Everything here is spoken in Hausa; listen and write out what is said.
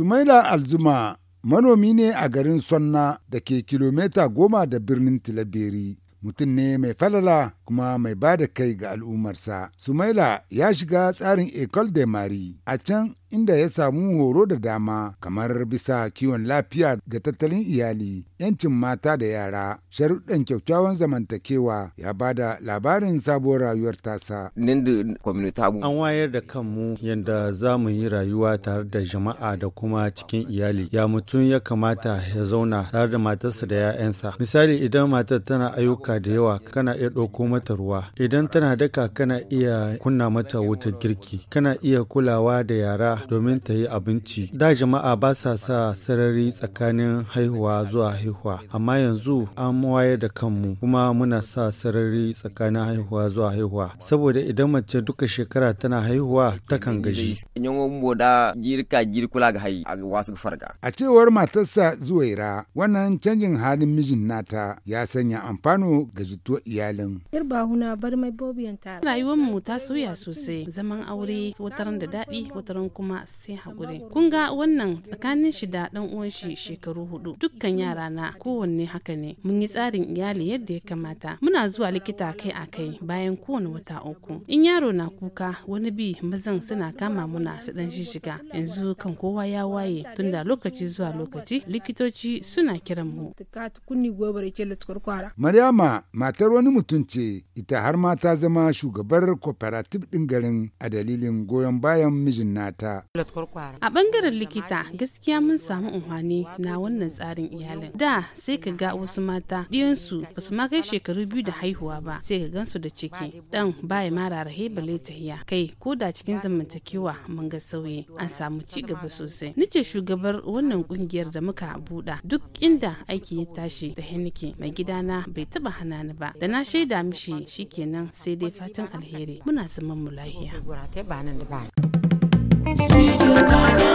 Sumaila Alzuma manomi ne a garin Sonna da ke kilomita goma da birnin Tilaberi. Mutum ne mai falala kuma mai ba da kai ga al'ummarsa. Sumaila ya shiga tsarin Ecole de Mari. A can inda ya samu horo da dama kamar bisa kiwon lafiya ga tattalin iyali, 'yancin mata da yara, sharuɗan kyakkyawan zamantakewa ya ba da labarin sabuwar rayuwar tasa. An wayar da kanmu yadda za mu yi rayuwa tare da jama'a da kuma cikin iyali. Ya mutum ya kamata ya zauna tare da matarsa da 'ya'yansa. Misali idan matar tana ayyuka da yawa kana iya ɗauko mata ruwa. Idan tana daka kana iya kunna mata wutar girki. Kana iya kulawa da yara domin ta yi abinci. Da jama'a ba sa sa sarari tsakanin haihuwa zuwa haihuwa, amma yanzu an wayar da kanmu kuma muna sa sarari tsakanin haihuwa zuwa haihuwa. Saboda idan mace duka shekara tana haihuwa ta kan gaji. A cewar matarsa Zuwaira, wannan canjin halin mijin nata ya sanya amfano ga jituwa iyalin. Irba huna bar mai bobiyan Rayuwar mu ta soya sosai, zaman aure wataran da daɗi wataran kuma kuma sai hakuri kun ga wannan tsakanin shi da dan uwan shi shekaru hudu dukkan yara na kowanne haka ne mun yi tsarin iyali yadda ya kamata muna zuwa likita kai a kai bayan kowane wata uku in yaro na kuka wani bi mazan suna kama muna su dan shiga yanzu kan kowa ya waye tunda lokaci zuwa lokaci likitoci suna kiran mu Maryama matar wani mutum ce ita har ma ta zama shugabar cooperative din garin a dalilin goyon bayan mijin nata A bangaren likita gaskiya mun samu unhwani na wannan tsarin iyalin. Da sai ka ga wasu mata ɗiyansu ba su ma kai shekaru biyu da haihuwa ba sai ka gansu da ciki. Dan ya mara rahe bale tahiya kai ko da cikin zamantakewa mun ga sauyi an samu ci gaba sosai. Nice shugabar wannan kungiyar da muka buɗa duk inda aiki ya tashi da henike mai gidana bai taɓa hana ni ba da na shaida mishi shikenan sai dai fatan alheri muna zaman mu lahiya. See you body.